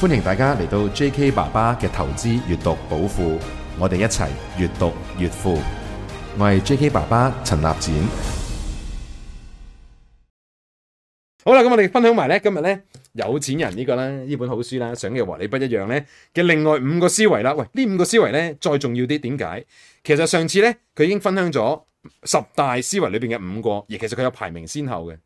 歡迎大家嚟到 J.K. 爸爸嘅投資閱讀寶庫，我哋一齊閱讀越富。我係 J.K. 爸爸陳立展。好啦，咁我哋分享埋咧，今日咧有錢人呢個啦，呢本好書啦，想要和你不一樣咧嘅另外五個思維啦。喂，呢五個思維咧再重要啲，點解？其實上次咧佢已經分享咗十大思維裏面嘅五個，而其實佢有排名先後嘅。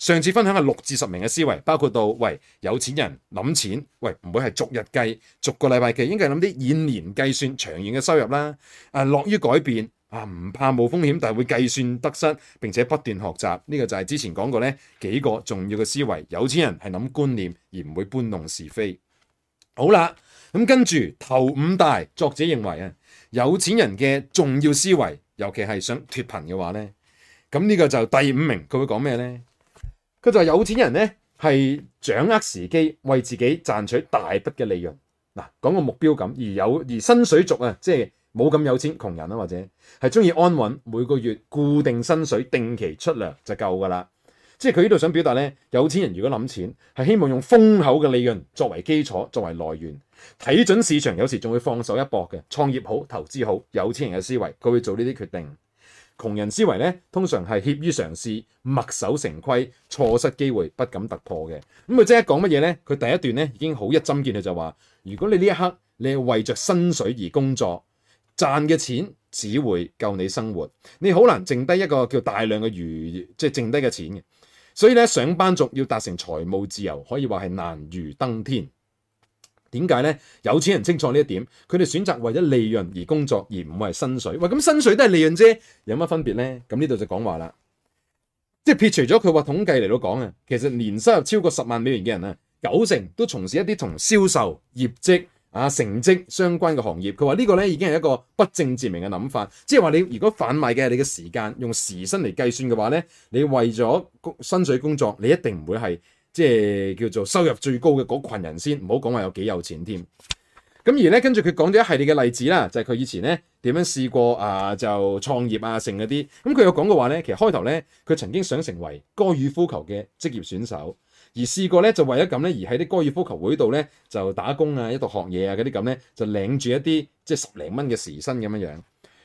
上次分享咗六至十名嘅思維，包括到喂，有錢人諗錢，喂，唔會係逐日計，逐個禮拜計，應該係諗啲以年計算、長遠嘅收入啦。啊，樂於改變啊，唔怕冒風險，但係會計算得失，並且不斷學習。呢、這個就係之前講過嘅幾個重要嘅思維。有錢人係諗觀念，而唔會搬弄是非。好啦，咁跟住頭五大作者認為有錢人嘅重要思維，尤其係想脫貧嘅話呢。咁呢個就第五名，佢會講咩呢？佢就係有錢人咧，係掌握時機，為自己賺取大筆嘅利潤。嗱，講個目標咁，而有而薪水族啊，即係冇咁有錢，窮人啦、啊、或者係鍾意安穩，每個月固定薪水，定期出糧就夠㗎喇。即係佢呢度想表達咧，有錢人如果諗錢，係希望用豐厚嘅利潤作為基礎，作為來源，睇準市場，有時仲會放手一搏嘅。創業好，投資好，有錢人嘅思維，佢會做呢啲決定。窮人思維呢，通常係怯於嘗試，墨守成規，錯失機會，不敢突破嘅。咁佢即刻一講乜嘢呢？佢第一段呢已經好一針見血，就話：如果你呢一刻你係為着薪水而工作，賺嘅錢只會夠你生活，你好難剩低一個叫大量嘅餘，即係剩低嘅錢嘅。所以咧，上班族要達成財務自由，可以話係難如登天。點解呢？有錢人清楚呢一點，佢哋選擇為咗利潤而工作，而唔係薪水。喂，咁薪水都係利潤啫，有乜分別呢？咁呢度就講話啦，即係撇除咗佢話統計嚟到講啊，其實年收入超過十萬美元嘅人啊，九成都從事一啲同銷售業績啊成績相關嘅行業。佢話呢個呢已經係一個不證自明嘅諗法，即係話你如果販賣嘅係你嘅時間，用時薪嚟計算嘅話呢，你為咗薪水工作，你一定唔會係。即係叫做收入最高嘅嗰羣人先，唔好講話有幾有錢添。咁而咧，跟住佢講咗一系列嘅例子啦，就係、是、佢以前咧點樣試過啊，就創業啊，剩嗰啲。咁、嗯、佢有講過話咧，其實開頭咧，佢曾經想成為高爾夫球嘅職業選手，而試過咧就為咗咁咧，而喺啲高爾夫球會度咧就打工啊，一度學嘢啊嗰啲咁咧，就領住一啲即係十零蚊嘅時薪咁樣樣。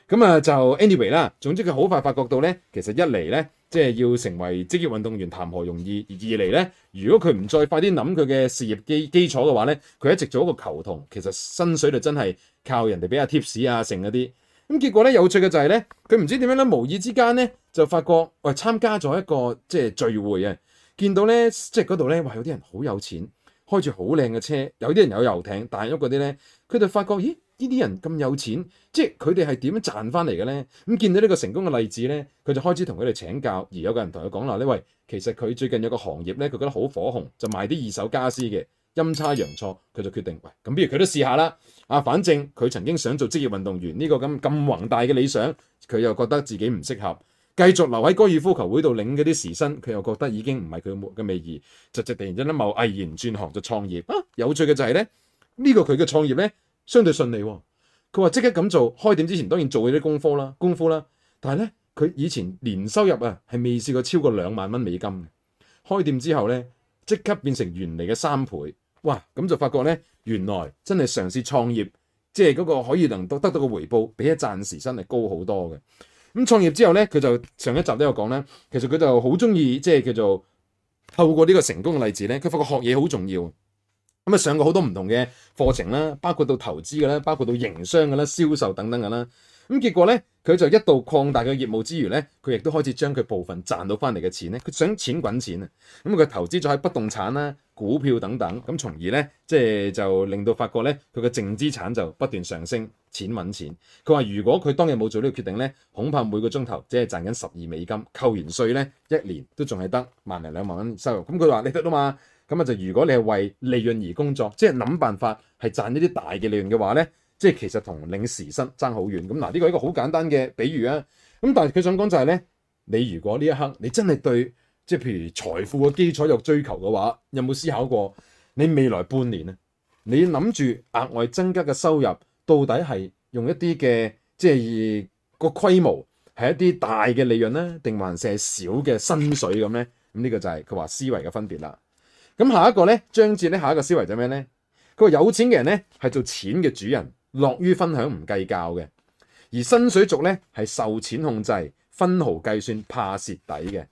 咁、嗯、啊就 anyway 啦，總之佢好快發覺到咧，其實一嚟咧。即係要成為職業運動員，談何容易？二嚟咧，如果佢唔再快啲諗佢嘅事業基基礎嘅話咧，佢一直做一個球童，其實薪水就真係靠人哋俾啊 tips 啊剩嗰啲。咁、嗯、結果咧有趣嘅就係咧，佢唔知點樣咧，無意之間咧就發覺，喂、呃、參加咗一個即係聚會啊，見到咧即係嗰度咧，哇、就是、有啲人好有錢，開住好靚嘅車，有啲人有遊艇，大屋嗰啲咧，佢就發覺咦～呢啲人咁有錢，即係佢哋係點樣賺翻嚟嘅呢？咁見到呢個成功嘅例子呢，佢就開始同佢哋請教，而有個人同佢講話呢，喂，其實佢最近有個行業呢，佢覺得好火紅，就賣啲二手家私嘅。陰差陽錯，佢就決定，喂，咁不如佢都試下啦，啊，反正佢曾經想做職業運動員呢個咁咁宏大嘅理想，佢又覺得自己唔適合，繼續留喺高爾夫球會度領嗰啲時薪，佢又覺得已經唔係佢嘅美意，就就突然之間冒毅然轉行就創業啊！有趣嘅就係呢，呢個佢嘅創業呢。相對順利，哦，佢話即刻咁做。開店之前當然做咗啲功課啦、功夫啦，但係咧，佢以前年收入啊係未試過超過兩萬蚊美金。開店之後咧，即刻變成原嚟嘅三倍，哇！咁就發覺咧，原來真係嘗試創業，即係嗰個可以能得得到嘅回報，比一暫時真係高好多嘅。咁、嗯、創業之後咧，佢就上一集都有講咧，其實佢就好中意即係叫做透過呢個成功嘅例子咧，佢發覺學嘢好重要。咁啊上過好多唔同嘅課程啦，包括到投資嘅咧，包括到營商嘅咧，銷售等等嘅啦。咁結果咧，佢就一度擴大佢業務之餘咧，佢亦都開始將佢部分賺到翻嚟嘅錢咧，佢想錢滾錢啊。咁佢投資咗喺不動產啦、股票等等，咁從而咧即係就令到發覺咧，佢嘅淨資產就不斷上升，錢滾錢。佢話如果佢當日冇做呢個決定咧，恐怕每個鐘頭只係賺緊十二美金，扣完稅咧，一年都仲係得萬零兩萬蚊收入。咁佢話你得啦嘛。咁啊，就如果你係為利潤而工作，即係諗辦法係賺呢啲大嘅利潤嘅話咧，即係其實同領時薪爭好遠。咁嗱，呢個係一個好簡單嘅比喻啊。咁但係佢想講就係咧，你如果呢一刻你真係對即係譬如財富嘅基礎有追求嘅話，有冇思考過你未來半年咧？你諗住額外增加嘅收入，到底係用一啲嘅即係個規模係一啲大嘅利潤咧，定還是係小嘅薪水咁咧？咁呢個就係佢話思維嘅分別啦。咁下一個咧，章節咧，下一個思維就咩咧？佢話有錢嘅人咧，係做錢嘅主人，樂於分享，唔計較嘅。而薪水族咧，係受錢控制，分毫計算，怕蝕底嘅。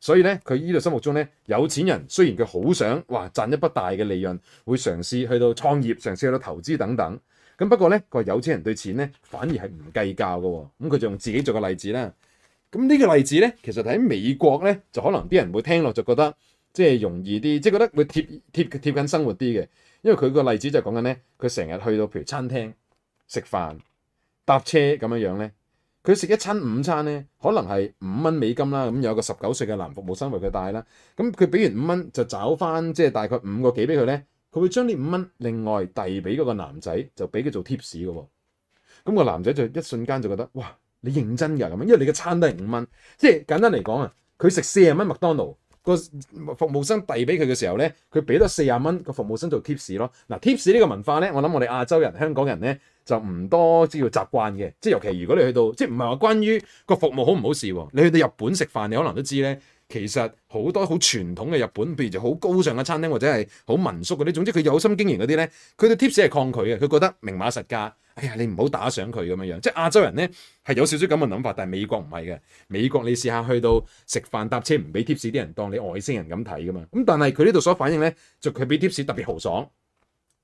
所以咧，佢呢度心目中咧，有錢人雖然佢好想哇賺一筆大嘅利潤，會嘗試去到創業，嘗試去到投資等等。咁不過咧，佢話有錢人對錢咧，反而係唔計較嘅。咁佢就用自己做個例子啦。咁呢個例子咧，其實喺美國咧，就可能啲人會聽落就覺得。即係容易啲，即係覺得會貼貼貼近生活啲嘅，因為佢個例子就講緊咧，佢成日去到譬如餐廳食飯搭車咁樣樣咧，佢食一餐午餐咧，可能係五蚊美金啦，咁有個十九歲嘅男服務生為佢帶啦，咁佢俾完五蚊就找翻，即係大概五個幾俾佢咧，佢會將呢五蚊另外遞俾嗰個男仔，就俾佢做 tips 嘅喎，咁、嗰個男仔就一瞬間就覺得哇，你認真㗎？咁，因為你嘅餐都係五蚊，即係簡單嚟講啊，佢食四十蚊麥當勞。個服務生遞俾佢嘅時候咧，佢俾咗四十蚊個服務生做 tips 咯。嗱，tips 呢個文化咧，我諗我哋亞洲人、香港人咧就唔多知要習慣嘅。即係尤其如果你去到，即係唔係話關於個服務好唔好事喎。你去到日本食飯，你可能都知咧。其實好多好傳統嘅日本，譬如就好高尚嘅餐廳或者係好民宿嗰啲，總之佢有心經營嗰啲咧，佢對 tips 係抗拒嘅，佢覺得明碼實價。哎呀，你唔好打賞佢咁樣樣。即係亞洲人咧係有少少咁嘅諗法，但係美國唔係嘅。美國你試下去到食飯搭車唔俾 tips 啲人當你外星人咁睇㗎嘛。咁但係佢呢度所反應咧，就佢俾 tips 特別豪爽，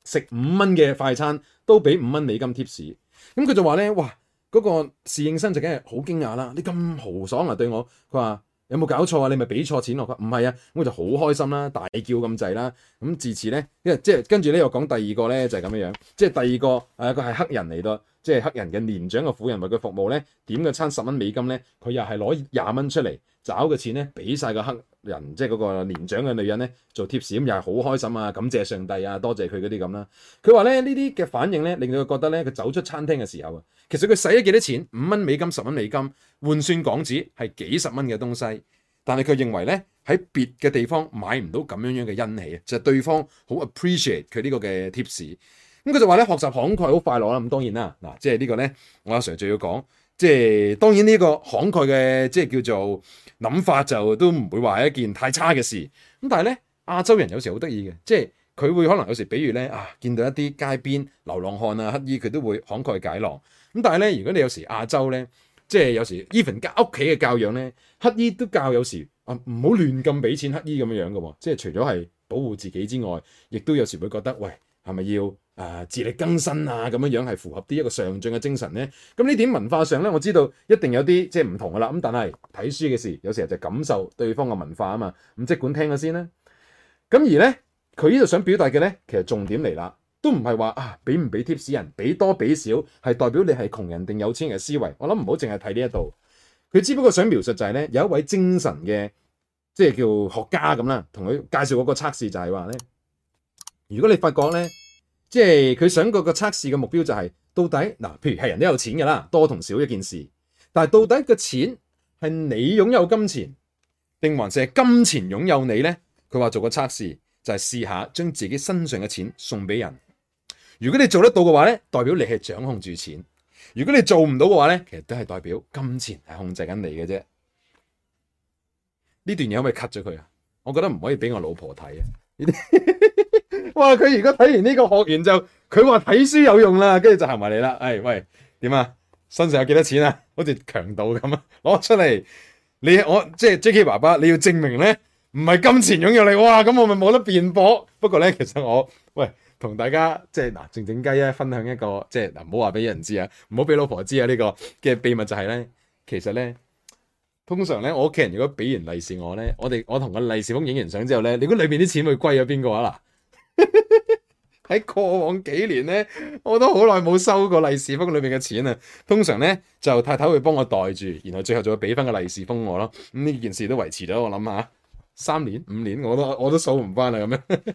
食五蚊嘅快餐都俾五蚊美金 tips。咁佢就話咧：，哇，嗰個侍應生就梗係好驚訝啦！你咁豪爽啊對我，佢話。有冇搞錯啊？你咪俾錯錢落去？唔係啊，我就好開心啦，啊，大叫咁滯啦。自此呢，因為即係跟住咧，我講第二個呢，就係咁樣樣。即係第二個，誒、啊，佢係黑人嚟咯，即係黑人嘅年長嘅婦人為佢服務咧，點個餐十蚊美金咧，佢又係攞廿蚊出嚟。找嘅錢咧，俾晒個黑人，即係嗰個年長嘅女人咧，做貼士，咁又係好開心啊，感謝上帝啊，多謝佢嗰啲咁啦。佢話咧呢啲嘅反應咧，令到佢覺得咧，佢走出餐廳嘅時候啊，其實佢使咗幾多錢，五蚊美金、十蚊美金，換算港紙係幾十蚊嘅東西，但係佢認為咧喺別嘅地方買唔到咁樣樣嘅欣喜啊，就係、是、對方好 appreciate 佢呢個嘅貼士。咁佢就話咧，學習慷慨好快樂啦。咁當然啦，嗱，即係呢個咧，我阿 sir 就要講。即係當然呢個慷慨嘅即係叫做諗法就都唔會話一件太差嘅事咁，但係咧亞洲人有時好得意嘅，即係佢會可能有時比，比如咧啊，見到一啲街邊流浪漢啊乞兒，佢都會慷慨解囊。咁但係咧，如果你有時亞洲咧，即係有時 even 家屋企嘅教養咧，乞兒都教有時啊唔好亂咁俾錢乞兒咁樣樣嘅喎，即係除咗係保護自己之外，亦都有時會覺得喂，係咪要？誒自力更生啊，咁樣樣係符合啲一,一個上進嘅精神咧。咁呢點文化上咧，我知道一定有啲即係唔同噶啦。咁但係睇書嘅時，有時候就感受對方嘅文化啊嘛。咁即管聽下先啦。咁而咧，佢呢度想表達嘅咧，其實重點嚟啦，都唔係話啊，俾唔俾貼士人，俾多俾少，係代表你係窮人定有錢人嘅思維。我諗唔好淨係睇呢一度，佢只不過想描述就係咧，有一位精神嘅即係叫學家咁啦，同佢介紹嗰個測試就係話咧，如果你發覺咧。即係佢想個個測試嘅目標就係到底嗱，譬如係人都有錢噶啦，多同少一件事。但係到底個錢係你擁有金錢，定還是係金錢擁有你呢？佢話做個測試就係試下將自己身上嘅錢送俾人。如果你做得到嘅話咧，代表你係掌控住錢；如果你做唔到嘅話咧，其實都係代表金錢係控制緊你嘅啫。呢段嘢可唔可以 cut 咗佢啊？我覺得唔可以俾我老婆睇啊！ 哇！佢而家睇完呢個學員就，佢話睇書有用啦，跟住就行埋嚟啦。誒、哎、喂，點啊？身上有幾多錢啊？好似強盜咁啊！攞出嚟，你我即係、就是、J K 爸爸，你要證明咧，唔係金錢擁有你。哇！咁我咪冇得辯駁。不過咧，其實我喂同大家即係嗱，靜靜雞啊，分享一個即係嗱，唔好話俾人知啊，唔好俾老婆知啊，呢、這個嘅秘密就係咧，其實咧通常咧，我屋企人如果俾完利是我咧，我哋我同個利是封影完相之後咧，你估裏面啲錢會歸咗邊個啊？嗱。喺過往幾年咧，我都好耐冇收過利是封裏面嘅錢啊！通常咧就太太會幫我袋住，然後最後就會俾翻個利是封我咯。咁、嗯、呢件事都維持咗，我諗下三年、五年，我都我都數唔翻啦咁樣。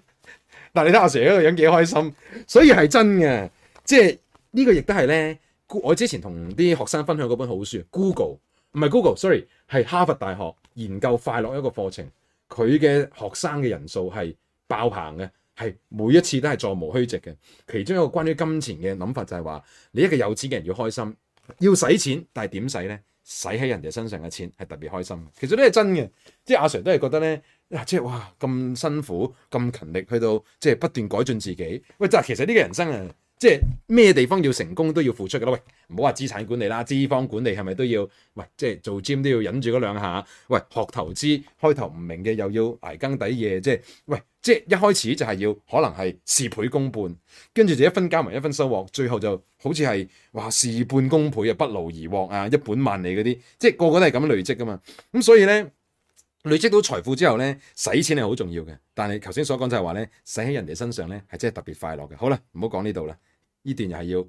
但係你睇阿 Sir 一個人幾開心，所以係真嘅，即係呢、呢個亦都係咧。我之前同啲學生分享嗰本好書，Google 唔係 Google，sorry，係哈佛大學研究快樂一個課程，佢嘅學生嘅人數係爆棚嘅。係每一次都係座無虛席嘅，其中一個關於金錢嘅諗法就係話，你一個有錢嘅人要開心，要使錢，但係點使呢？使喺人哋身上嘅錢係特別開心。其實呢係真嘅，即係阿 Sir 都係覺得呢，即係哇咁辛苦咁勤力，去到即係不斷改進自己。喂，就其實呢個人生啊～即係咩地方要成功都要付出噶啦，喂，唔好話資產管理啦，脂肪管理係咪都要？喂，即係做 gym 都要忍住嗰兩下。喂，學投資開頭唔明嘅又要捱更抵嘢，即係喂，即係一開始就係要可能係事倍功半，跟住就一分耕耘一分收穫，最後就好似係話事半功倍啊，不勞而獲啊，一本萬利嗰啲，即係個個都係咁樣累積噶嘛。咁所以咧，累積到財富之後咧，使錢係好重要嘅。但係頭先所講就係話咧，使喺人哋身上咧係真係特別快樂嘅。好啦，唔好講呢度啦。呢段又係要，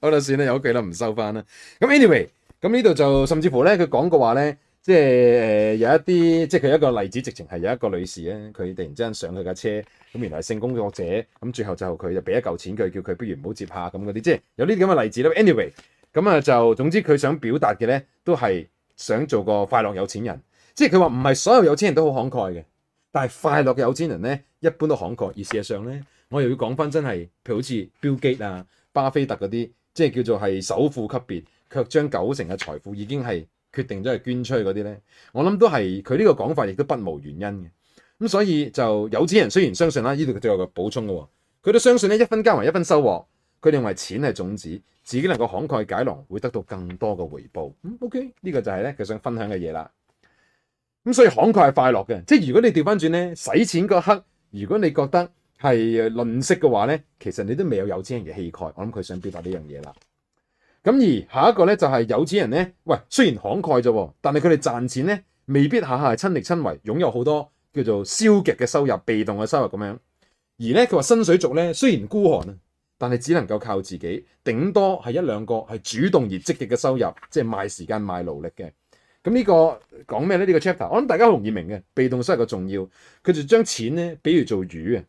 我到時有又記得唔收翻啦。咁 anyway，咁呢度就甚至乎咧，佢講過話咧，即係誒、呃、有一啲，即係佢一個例子，直情係有一個女士啊，佢突然之間上佢架車，咁原來係性工作者，咁最後就佢就俾一嚿錢，佢叫佢不如唔好接下咁嗰啲，即係有呢啲咁嘅例子啦。anyway，咁啊就總之佢想表達嘅咧，都係想做個快樂有錢人，即係佢話唔係所有有錢人都好慷慨嘅，但係快樂嘅有錢人咧，一般都慷慨，而事實上咧。我又要講翻，真係譬如好似 Bill Gates 啊、巴菲特嗰啲，即係叫做係首富級別，卻將九成嘅財富已經係決定咗係捐出去嗰啲咧。我諗都係佢呢個講法，亦都不無原因嘅。咁所以就有錢人雖然相信啦，呢度都有個補充嘅喎，佢都相信咧，一分耕耘一分收穫，佢認為錢係種子，自己能夠慷慨解囊，會得到更多嘅回報。OK 呢個就係咧佢想分享嘅嘢啦。咁所以慷慨係快樂嘅，即係如果你調翻轉咧，使錢嗰刻，如果你覺得，係吝嗇嘅話咧，其實你都未有有錢人嘅氣概。我諗佢想表達呢樣嘢啦。咁而下一個咧就係、是、有錢人咧，喂，雖然慷慨啫，但係佢哋賺錢咧未必下下係親力親為，擁有好多叫做消極嘅收入、被動嘅收入咁樣。而咧佢話薪水族咧雖然孤寒啊，但係只能夠靠自己，頂多係一兩個係主動而積極嘅收入，即係賣時間、賣勞力嘅。咁、這個、呢個講咩咧？呢、這個 chapter 我諗大家好容易明嘅，被動收入嘅重要。佢就將錢咧，比喻做魚啊。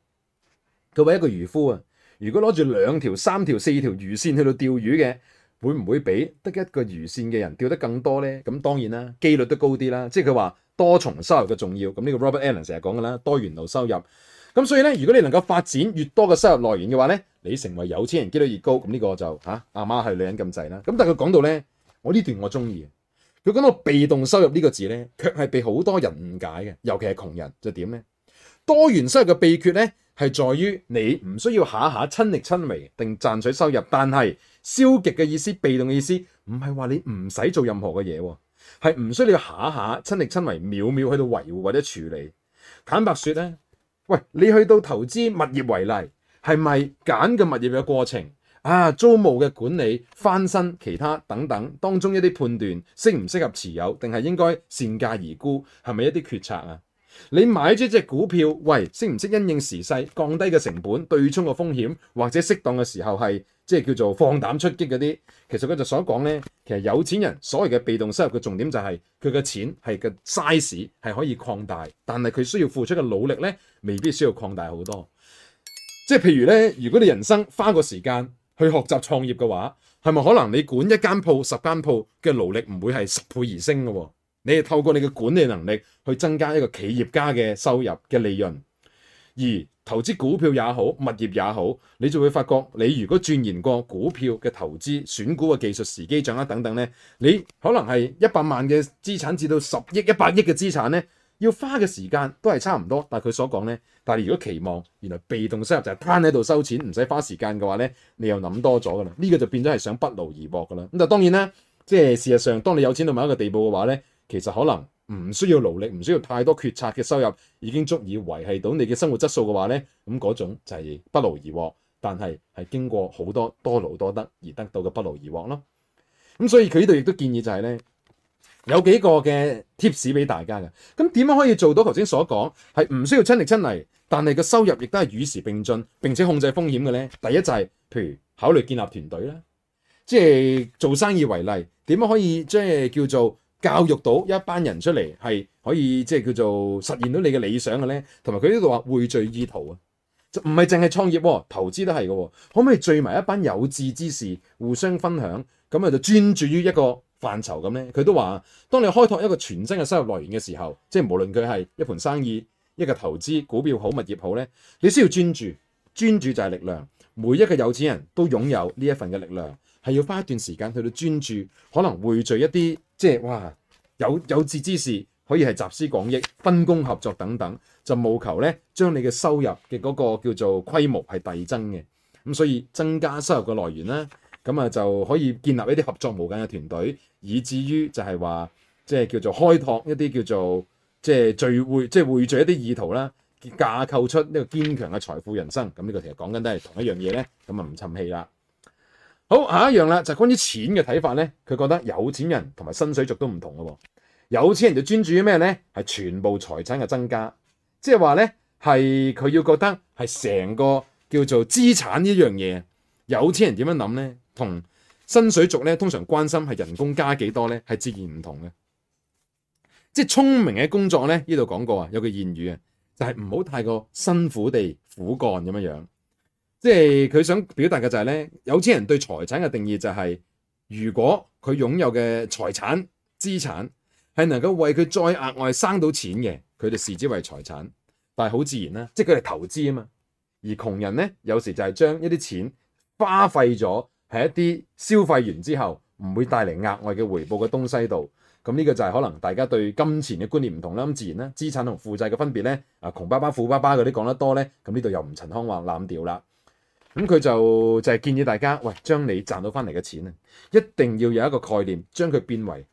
佢話一個漁夫啊，如果攞住兩條、三條、四條魚線去到釣魚嘅，會唔會比得一個魚線嘅人釣得更多呢？咁當然啦，機率都高啲啦。即係佢話多重收入嘅重要。咁、這、呢個 Robert Allen 成日講嘅啦，多元路收入。咁所以呢，如果你能夠發展越多嘅收入來源嘅話呢，你成為有錢人機率越高。咁呢個就嚇阿、啊、媽係女人咁滯啦。咁但係佢講到呢，我呢段我中意。佢講到被動收入呢個字呢，卻係被好多人誤解嘅，尤其係窮人就點呢？多元收入嘅秘訣呢，係在於你唔需要下下親力親為定賺取收入，但係消極嘅意思、被動嘅意思，唔係話你唔使做任何嘅嘢喎，係唔需要下下親力親為、秒秒去到維護或者處理。坦白說呢，喂，你去到投資物業為例，係咪揀緊物業嘅過程啊？租務嘅管理、翻新、其他等等，當中一啲判斷適唔適合持有，定係應該善價而沽，係咪一啲決策啊？你買咗一隻股票，喂，識唔識因應時勢降低嘅成本、對沖個風險，或者適當嘅時候係即係叫做放膽出擊嗰啲？其實佢就所講呢，其實有錢人所謂嘅被動收入嘅重點就係佢嘅錢係嘅 size 係可以擴大，但係佢需要付出嘅努力呢，未必需要擴大好多。即係譬如呢，如果你人生花個時間去學習創業嘅話，係咪可能你管一間鋪、十間鋪嘅勞力唔會係十倍而升嘅哦？你係透過你嘅管理能力去增加一個企業家嘅收入嘅利潤，而投資股票也好，物業也好，你就會發覺你如果鑽研過股票嘅投資、選股嘅技術、時機掌握等等咧，你可能係一百萬嘅資產至到十億、一百億嘅資產咧，要花嘅時間都係差唔多。但係佢所講咧，但係如果期望原來被動收入就係攤喺度收錢，唔使花時間嘅話咧，你又諗多咗噶啦。呢個就變咗係想不勞而獲噶啦。咁就當然啦，即係事實上，當你有錢到某一個地步嘅話咧。其實可能唔需要勞力，唔需要太多決策嘅收入已經足以維係到你嘅生活質素嘅話呢，咁嗰種就係不勞而獲，但係係經過好多多勞多得而得到嘅不勞而獲咯。咁所以佢呢度亦都建議就係呢，有幾個嘅 tips 俾大家嘅。咁點樣可以做到頭先所講係唔需要親力親為，但係個收入亦都係與時並進並且控制風險嘅呢。第一就係譬如考慮建立團隊啦，即係做生意為例，點樣可以即係叫做？教育到一班人出嚟係可以即係叫做實現到你嘅理想嘅呢。同埋佢呢度話匯聚意圖啊，就唔係淨係創業，投資都係嘅。可唔可以聚埋一班有志之士互相分享，咁啊就專注於一個範疇咁呢。佢都話，當你開拓一個全新嘅收入來源嘅時候，即係無論佢係一盤生意、一個投資、股票好、物業好呢，你需要專注，專注就係力量。每一個有錢人都擁有呢一份嘅力量，係要花一段時間去到專注，可能匯聚一啲。即係哇，有有志之士可以係集思廣益、分工合作等等，就務求咧將你嘅收入嘅嗰個叫做規模係遞增嘅。咁所以增加收入嘅來源啦，咁啊就可以建立一啲合作無間嘅團隊，以至於就係話即係叫做開拓一啲叫做即係、就是、聚會，即係匯聚一啲意圖啦，架構出呢個堅強嘅財富人生。咁呢個其實講緊都係同一樣嘢咧，咁啊唔沉氣啦。好，下一樣啦，就係關於錢嘅睇法咧。佢覺得有錢人同埋薪水族都唔同噶。有錢人就專注於咩咧？係全部財產嘅增加，即係話咧係佢要覺得係成個叫做資產呢樣嘢。有錢人點樣諗咧？同薪水族咧通常關心係人工加幾多咧，係截然唔同嘅。即係聰明嘅工作咧，呢度講過啊，有句諺語啊，就係唔好太過辛苦地苦幹咁樣樣。即係佢想表達嘅就係、是、呢：有錢人對財產嘅定義就係、是，如果佢擁有嘅財產資產係能夠為佢再額外生到錢嘅，佢哋視之為財產。但係好自然啦、啊，即係佢哋投資啊嘛。而窮人呢，有時就係將一啲錢花費咗，喺一啲消費完之後唔會帶嚟額外嘅回報嘅東西度。咁呢個就係可能大家對金錢嘅觀念唔同啦。咁自然啦、啊，資產同負債嘅分別呢，啊窮爸爸富爸爸嗰啲講得多呢，咁呢度又唔陳腔話濫調啦。咁佢就就係建議大家，喂，將你賺到翻嚟嘅錢啊，一定要有一個概念，將佢變為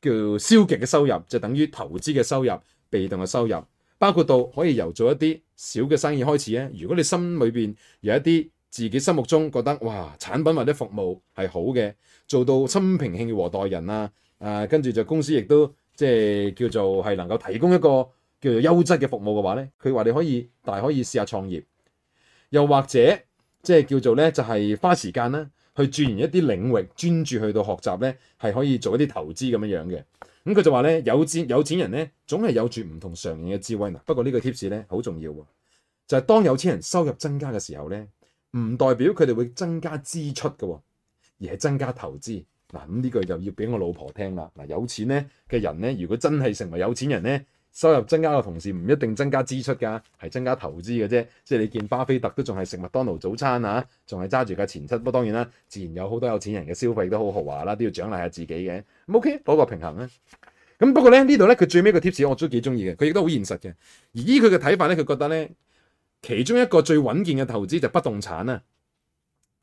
叫消極嘅收入，就等於投資嘅收入、被動嘅收入，包括到可以由做一啲小嘅生意開始咧。如果你心裏邊有一啲自己心目中覺得哇產品或者服務係好嘅，做到心平氣和待人啊，誒，跟住就公司亦都即係、就是、叫做係能夠提供一個叫做優質嘅服務嘅話咧，佢話你可以，大可以試下創業，又或者。即係叫做咧，就係、是、花時間啦，去鑽研一啲領域，專注去到學習咧，係可以做一啲投資咁樣樣嘅。咁、嗯、佢就話咧，有資有錢人咧，總係有住唔同常人嘅智慧。嗱。不過個呢個 tips 咧，好重要喎，就係、是、當有錢人收入增加嘅時候咧，唔代表佢哋會增加支出嘅，而係增加投資嗱。咁呢個就要俾我老婆聽啦。嗱、啊，有錢咧嘅人咧，如果真係成為有錢人咧。收入增加嘅同時唔一定增加支出㗎，係增加投資嘅啫。即係你見巴菲特都仲係食麥當勞早餐啊，仲係揸住架錢七。不過當然啦，自然有好多有錢人嘅消費都好豪華啦、啊，都要獎勵下自己嘅。OK，嗰個平衡啦、啊。咁不過咧，呢度咧佢最尾個 tips 我都幾中意嘅，佢亦都好現實嘅。而依佢嘅睇法咧，佢覺得咧其中一個最穩健嘅投資就係不動產啊，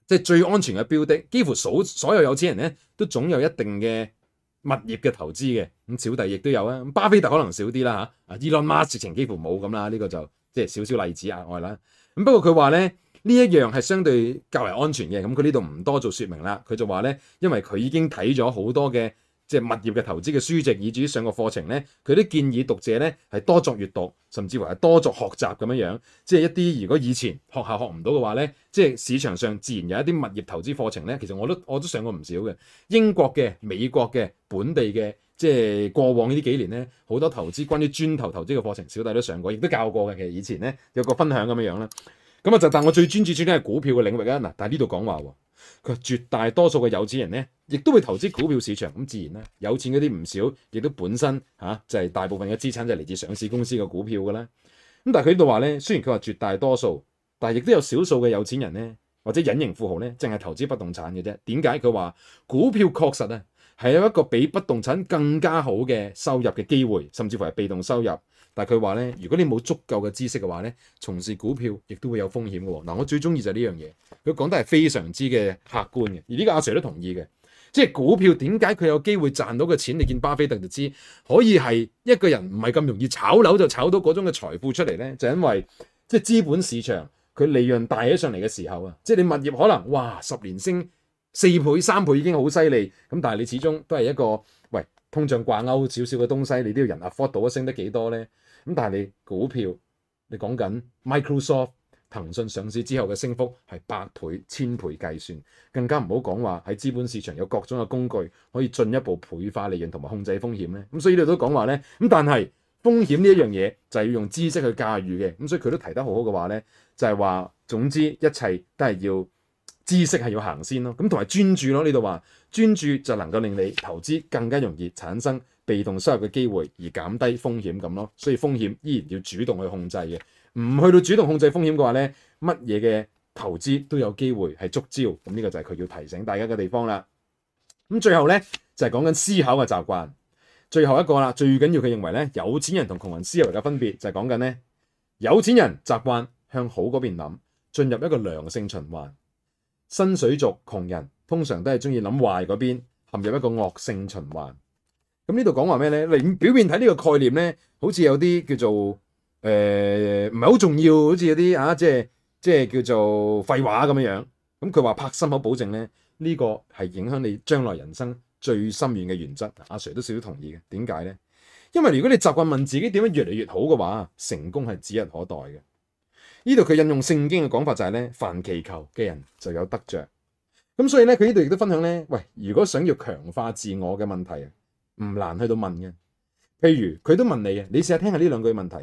即、就、係、是、最安全嘅標的。幾乎所所有有錢人咧都總有一定嘅。物業嘅投資嘅，咁小弟亦都有啊，咁巴菲特可能少啲啦嚇，啊，伊隆馬斯克幾乎冇咁啦，呢個就即係少少例子額外啦，咁不過佢話咧呢一樣係相對較為安全嘅，咁佢呢度唔多做説明啦，佢就話咧，因為佢已經睇咗好多嘅。即係物業嘅投資嘅書籍，以至於上個課程咧，佢都建議讀者咧係多作閱讀，甚至乎係多作學習咁樣樣。即係一啲如果以前學校學唔到嘅話咧，即係市場上自然有一啲物業投資課程咧。其實我都我都上過唔少嘅，英國嘅、美國嘅、本地嘅。即係過往呢啲幾年咧，好多投資，關於磚頭投資嘅課程，小弟都上過，亦都教過嘅。其實以前咧有個分享咁樣樣啦。咁啊，就但我最專注最緊係股票嘅領域啊。嗱，但係呢度講話喎。佢話絕大多數嘅有錢人咧，亦都會投資股票市場，咁自然咧、啊，有錢嗰啲唔少，亦都本身嚇、啊、就係、是、大部分嘅資產就嚟自上市公司嘅股票嘅啦。咁但係佢呢度話咧，雖然佢話絕大多數，但係亦都有少數嘅有錢人咧，或者隱形富豪咧，淨係投資不動產嘅啫。點解佢話股票確實咧？係有一個比不動產更加好嘅收入嘅機會，甚至乎係被動收入。但係佢話咧，如果你冇足夠嘅知識嘅話咧，從事股票亦都會有風險嘅喎。嗱、啊，我最中意就係呢樣嘢，佢講得係非常之嘅客觀嘅。而呢個阿 Sir 都同意嘅，即係股票點解佢有機會賺到嘅錢？你見巴菲特就知，可以係一個人唔係咁容易炒樓就炒到嗰種嘅財富出嚟咧，就因為即係資本市場佢利潤大起上嚟嘅時候啊，即係你物業可能哇十年升。四倍、三倍已經好犀利，咁但係你始終都係一個喂通脹掛鈎少少嘅東西，你都要人 afford 到升得幾多呢？咁但係你股票，你講緊 Microsoft、騰訊上市之後嘅升幅係百倍、千倍計算，更加唔好講話喺資本市場有各種嘅工具可以進一步倍化利潤同埋控制風險呢咁、嗯、所以你都講話呢。咁但係風險呢一樣嘢就係要用知識去駕馭嘅。咁、嗯、所以佢都提得好好嘅話呢就係、是、話總之一切都係要。知識係要行先咯，咁同埋專注咯。呢度話專注就能夠令你投資更加容易產生被動收入嘅機會，而減低風險咁咯。所以風險依然要主動去控制嘅，唔去到主動控制風險嘅話呢，乜嘢嘅投資都有機會係觸礁咁。呢個就係佢要提醒大家嘅地方啦。咁最後呢，就係講緊思考嘅習慣，最後一個啦，最緊要佢認為呢，有錢人同窮人思維嘅分別就係講緊呢：有錢人習慣向好嗰邊諗，進入一個良性循環。新水族，窮人通常都係鍾意諗壞嗰邊，陷入一個惡性循環。咁呢度講話咩呢？你表面睇呢個概念呢，好似有啲叫做誒唔係好重要，好似有啲啊，即係即係叫做廢話咁樣樣。咁佢話拍心口保證呢，呢個係影響你將來人生最深遠嘅原則。阿 Sir 都少少同意嘅。點解呢？因為如果你習慣問自己點樣越嚟越好嘅話，成功係指日可待嘅。呢度佢引用聖經嘅講法就係咧，凡祈求嘅人就有得着。咁所以咧，佢呢度亦都分享咧，喂，如果想要強化自我嘅問題，唔難去到問嘅。譬如佢都問你啊，你試下聽下呢兩句問題，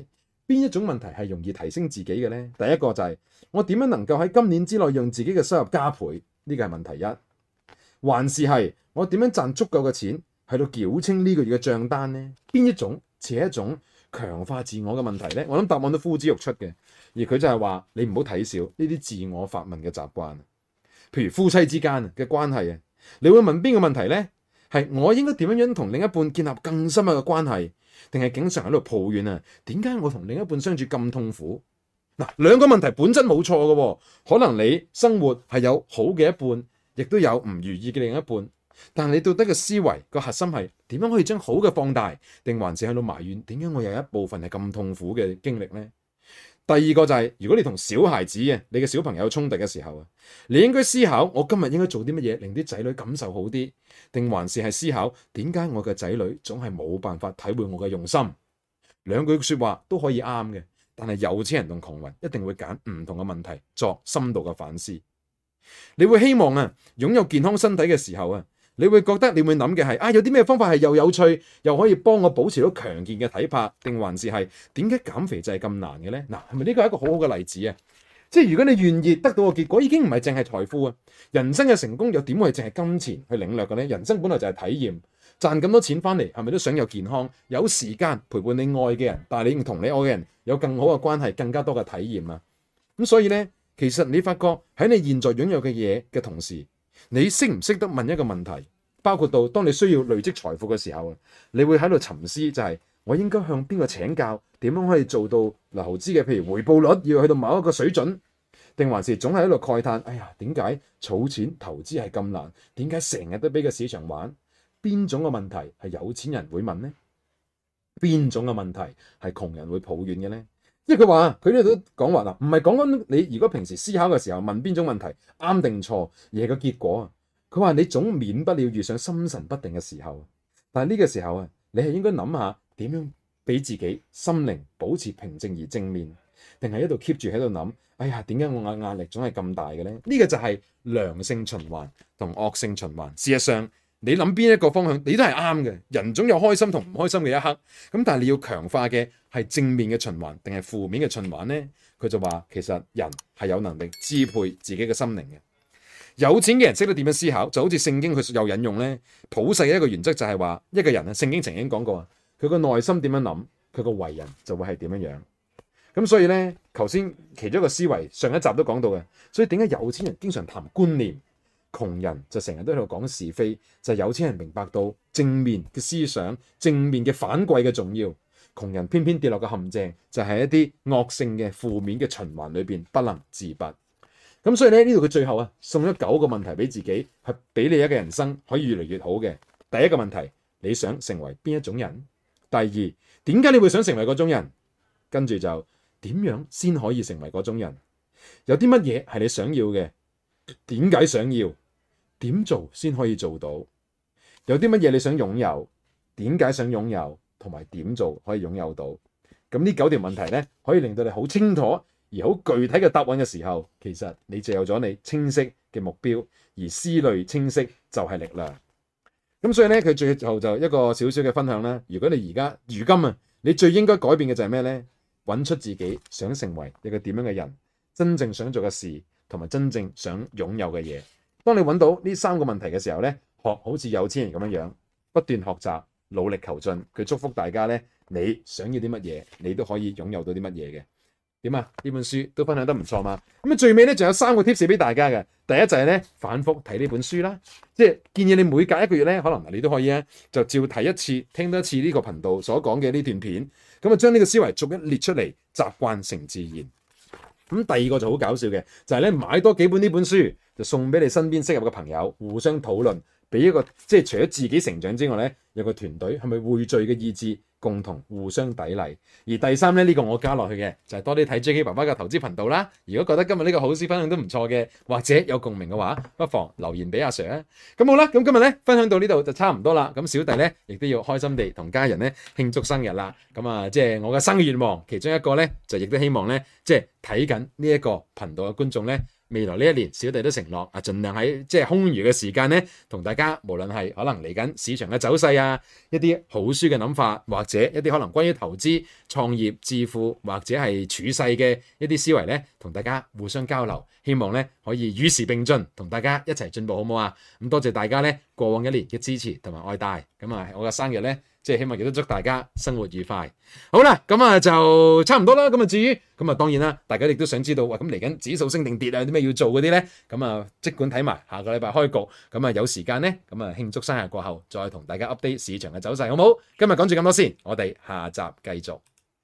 邊一種問題係容易提升自己嘅咧？第一個就係我點樣能夠喺今年之內讓自己嘅收入加倍？呢個係問題一，還是係我點樣賺足夠嘅錢，去到繳清呢個月嘅帳單咧？邊一種似係一種強化自我嘅問題咧？我諗答案都呼之欲出嘅。而佢就係話：你唔好睇小呢啲自我發問嘅習慣。譬如夫妻之間嘅關係啊，你會問邊個問題呢？係我應該點樣樣同另一半建立更深嘅關係，定係經常喺度抱怨啊？點解我同另一半相處咁痛苦？嗱，兩個問題本質冇錯嘅喎。可能你生活係有好嘅一半，亦都有唔如意嘅另一半。但係你到底嘅思維個核心係點樣可以將好嘅放大，定還是喺度埋怨，點解我有一部分係咁痛苦嘅經歷呢？第二個就係，如果你同小孩子啊，你嘅小朋友有衝突嘅時候啊，你應該思考，我今日應該做啲乜嘢令啲仔女感受好啲，定還是係思考點解我嘅仔女總係冇辦法體會我嘅用心？兩句説話都可以啱嘅，但係有錢人同窮人一定會揀唔同嘅問題作深度嘅反思。你會希望啊，擁有健康身體嘅時候啊。你會覺得你會諗嘅係啊，有啲咩方法係又有趣又可以幫我保持到強健嘅體魄，定還是係點解減肥就係咁難嘅呢？嗱，係咪呢個係一個好好嘅例子啊？即係如果你願意得到嘅結果，已經唔係淨係財富啊！人生嘅成功又點會淨係金錢去領略嘅呢？人生本來就係體驗，賺咁多錢翻嚟係咪都想有健康、有時間陪伴你愛嘅人，但係你唔同你愛嘅人有更好嘅關係、更加多嘅體驗啊？咁所以呢，其實你發覺喺你現在擁有嘅嘢嘅同時，你識唔識得問一個問題？包括到當你需要累積財富嘅時候，你會喺度沉思、就是，就係我應該向邊個請教？點樣可以做到投資嘅？譬如回報率要去到某一個水準，定還是總係喺度慨嘆？哎呀，點解儲錢投資係咁難？點解成日都俾個市場玩？邊種嘅問題係有錢人會問呢？邊種嘅問題係窮人會抱怨嘅呢？即係佢話，佢呢度都講話啦，唔係講緊你如果平時思考嘅時候問邊種問題啱定錯，而係個結果啊。佢話你總免不了遇上心神不定嘅時候，但係呢個時候啊，你係應該諗下點樣俾自己心靈保持平靜而正面，定係一度 keep 住喺度諗，哎呀，點解我嘅壓力總係咁大嘅咧？呢個就係良性循環同惡性循環，事實上。你諗邊一個方向，你都係啱嘅。人總有開心同唔開心嘅一刻，咁但係你要強化嘅係正面嘅循環，定係負面嘅循環呢？佢就話其實人係有能力支配自，自己嘅心靈嘅。有錢嘅人識得點樣思考，就好似聖經佢又引用呢，普世嘅一個原則就，就係話一個人啊，聖經曾經講過啊，佢個內心點樣諗，佢個為人就會係點樣樣。咁所以呢，頭先其中一個思維，上一集都講到嘅，所以點解有錢人經常談觀念？窮人就成日都喺度講是非，就係有錢人明白到正面嘅思想、正面嘅反饋嘅重要。窮人偏偏跌落嘅陷阱就係一啲惡性嘅負面嘅循環裏邊不能自拔。咁所以咧，呢度佢最後啊，送咗九個問題俾自己，係俾你一個人生可以越嚟越好嘅。第一個問題，你想成為邊一種人？第二，點解你會想成為嗰種人？跟住就點樣先可以成為嗰種人？有啲乜嘢係你想要嘅？點解想要？點做先可以做到？有啲乜嘢你想擁有？點解想擁有？同埋點做可以擁有到？咁呢九條問題呢，可以令到你好清楚而好具體嘅答案嘅時候，其實你就有咗你清晰嘅目標，而思慮清晰就係力量。咁所以呢，佢最後就一個小小嘅分享啦。如果你而家如今啊，你最應該改變嘅就係咩呢？揾出自己想成為一個點樣嘅人，真正想做嘅事。同埋真正想擁有嘅嘢，當你揾到呢三個問題嘅時候呢，學好似有錢人咁樣樣，不斷學習、努力求進。佢祝福大家呢，你想要啲乜嘢，你都可以擁有到啲乜嘢嘅。點啊？呢本書都分享得唔錯嘛。咁啊，最尾呢，仲有三個貼士俾大家嘅。第一就係呢，反覆睇呢本書啦，即係建議你每隔一個月呢，可能你都可以咧、啊、就照睇一次、聽多次呢個頻道所講嘅呢段片，咁啊將呢個思維逐一列出嚟，習慣成自然。咁第二個就好搞笑嘅，就係咧買多幾本呢本書，就送俾你身邊適合嘅朋友，互相討論，俾一個即係除咗自己成長之外咧，有個團隊係咪匯聚嘅意志？共同互相砥礪，而第三咧呢、這個我加落去嘅就係、是、多啲睇 j k 爸爸嘅投資頻道啦。如果覺得今日呢個好事分享都唔錯嘅，或者有共鳴嘅話，不妨留言俾阿 Sir 啊。咁好啦，咁今日咧分享到呢度就差唔多啦。咁小弟咧亦都要開心地同家人咧慶祝生日啦。咁啊，即、就、係、是、我嘅生日願望，其中一個咧就亦都希望咧，即係睇緊呢一個頻道嘅觀眾咧。未來呢一年，小弟都承諾啊，儘量喺即係空餘嘅時間咧，同大家無論係可能嚟緊市場嘅走勢啊，一啲好書嘅諗法，或者一啲可能關於投資、創業、致富或者係處世嘅一啲思維呢，同大家互相交流，希望呢可以與時並進，同大家一齊進步，好冇啊！咁多謝大家呢過往一年嘅支持同埋愛戴，咁啊，我嘅生日呢。即係希望亦都祝大家生活愉快。好啦，咁啊就差唔多啦。咁啊至於咁啊當然啦，大家亦都想知道，哇咁嚟緊指數升定跌啊，有啲咩要做嗰啲咧？咁啊即管睇埋。下個禮拜開局，咁啊有時間咧，咁啊慶祝生日過後，再同大家 update 市場嘅走勢，好唔好？今日講住咁多先，我哋下集繼續。